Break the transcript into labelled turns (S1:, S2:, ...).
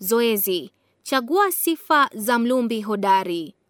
S1: Zoezi: chagua sifa za mlumbi hodari.